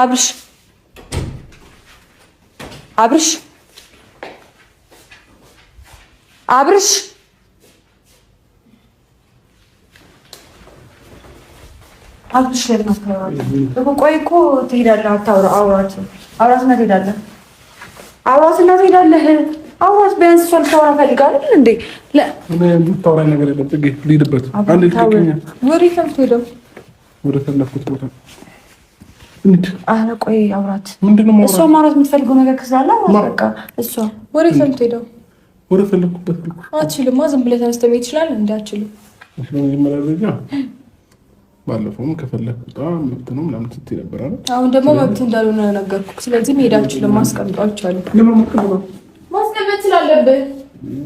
አብርሽ አብርሽ አብርሽ አብርሽ ለምን ቆይ እኮ ትሄዳለህ። አታውራ አውራት አውራትና ትሄዳለህ። አውራትና ትሄዳለህ። አውራት ቢያንስ እሷ ልታወራ ፈልጋ አይደል እንዴ? ታወራ ነገር የለም። ልሂድበት ወደ ፈለኩት ቦታ ኧረ ቆይ አውራት። እሷ ማውራት የምትፈልገው ነገር ክስላለ በቃ እሷ ወሬ ፈልት ሄደው ወደ ፈለግኩበት ልኩ አትችልማ። ዝም ብለህ ተነስተህ መሄድ ይችላል። እንዲ አትችልም። መጀመሪያ ደረጃ ባለፈውም ከፈለግ ቁጣ መብት ነው ምናምን ስትይ ነበር። አሁን ደግሞ መብት እንዳልሆነ ነገርኩ። ስለዚህ መሄድ አትችልም። ማስቀምጧቸዋለሁ ማስቀመጥ ስላለብህ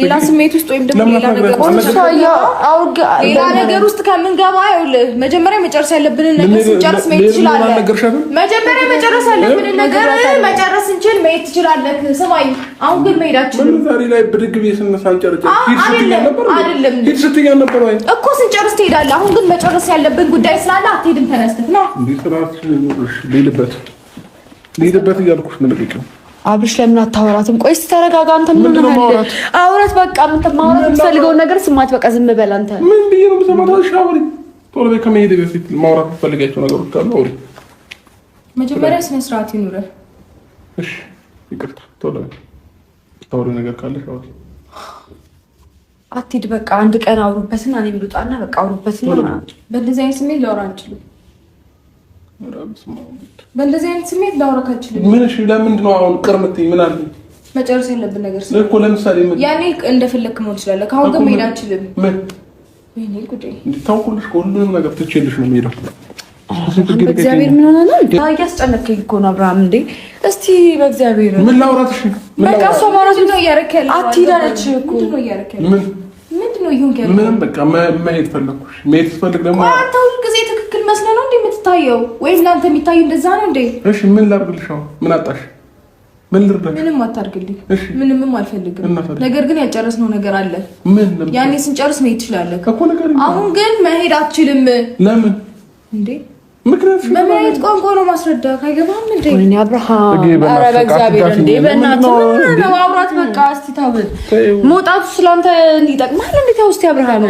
ሌላ ስሜት ውስጥ ወይም ደግሞ ሌላ ነገር ሌላ ነገር ውስጥ ከምንገባ ይኸውልህ መጀመሪያ መጨረስ ያለብንን ነገር ስንጨርስ መሄድ ትችላለህ። መጀመሪያ መጨረስ ያለብንን ነገር መጨረስ እንችል መሄድ ትችላለህ። ስማኝ፣ አሁን ግን መሄዳችን ዛሬ ላይ ብድግ ወይ እኮ ስንጨርስ ትሄዳለህ። አሁን ግን መጨረስ ያለብን ጉዳይ ስላለ አትሄድም። ተነስተህ ነው ሊልበት ልሂድበት እያልኩሽ ነው አብርሽ ለምን አታወራትም? ቆይ እስኪ ተረጋጋ። አንተ ምን ነው አውራት፣ በቃ ምን ማውራት የምትፈልገውን ነገር ስማት፣ በቃ ዝም በል አንተ። ምን ብዬ ነው የምትሰማታሽ? አውሪ፣ ቶሎ በይ። ከመሄድ በፊት ማውራት የምትፈልጋቸው ነገሮች አሉ። አውሪ፣ መጀመሪያ ስነ ስርዓት ይኑረ። እሺ፣ ይቅርታ። ቶሎ በይ። ታወሪ ነገር ካለሽ አውሪ። አትሂድ፣ በቃ አንድ ቀን አውሩበትና እኔም ልውጣና በቃ አውሩበትና በእንደዚህ አይነት ስሜት ላውራ አንችልም። በእንደዚህ አይነት ስሜት ላውራክ አልችልም። ምንሽ ለምንድን ነው አሁን ቅርምት የምትይ? ምን አለ መጨረስ ያለብን ነገር እኮ ለምሳሌ ምን ያኔ እንደፈለክ መሆን ይችላል። ካሁን ግን መሄድ አልችልም። ምን ወይኔ ጉዴ! እንድታውቁልሽ ሁሉንም ነገር ትችልሽ ነው የምሄደው። በእግዚአብሔር ምን ሆነ ነው? እንዴ? እያስጨነቀኝ እኮ ነው አብርሃም። እንዴ እስቲ በእግዚአብሔር ምን ላውራትሽ? በቃ እሷ ማውራት ነው እያደረክ ያለ ነው አለች ምን ምንድን ነው ይሁን ያለ? ምንም በቃ መሄድ ፈለኩሽ። መሄድ ስትፈልግ ደግሞ አሁን ጊዜ ትክክል መስለ ነው እንዴ የምትታየው? ወይም ለአንተ የሚታይ እንደዛ ነው እንዴ? እሺ ምን ላድርግልሽ? ምን አጣሽ? ምን ልርዳሽ? ምንም አታርግልኝ። ምንምም አልፈልግም። ነገር ግን ያልጨረስነው ነገር አለ። ያኔ ስንጨርስ መሄድ ትችላለህ። አሁን ግን መሄድ አትችልም። ለምን እንዴ? ምክንያቱም በማየት ቋንቋ ነው ማስረዳ። አይገባም እንዴ? ወይኔ አብርሃም፣ ኧረ በእግዚአብሔር እንዴ! በእናትህ ምን ነው አውራት። በቃ እስቲ ታብል መውጣቱ ስላንተ ይጠቅማል እንዴ? ተው እስቲ አብርሃም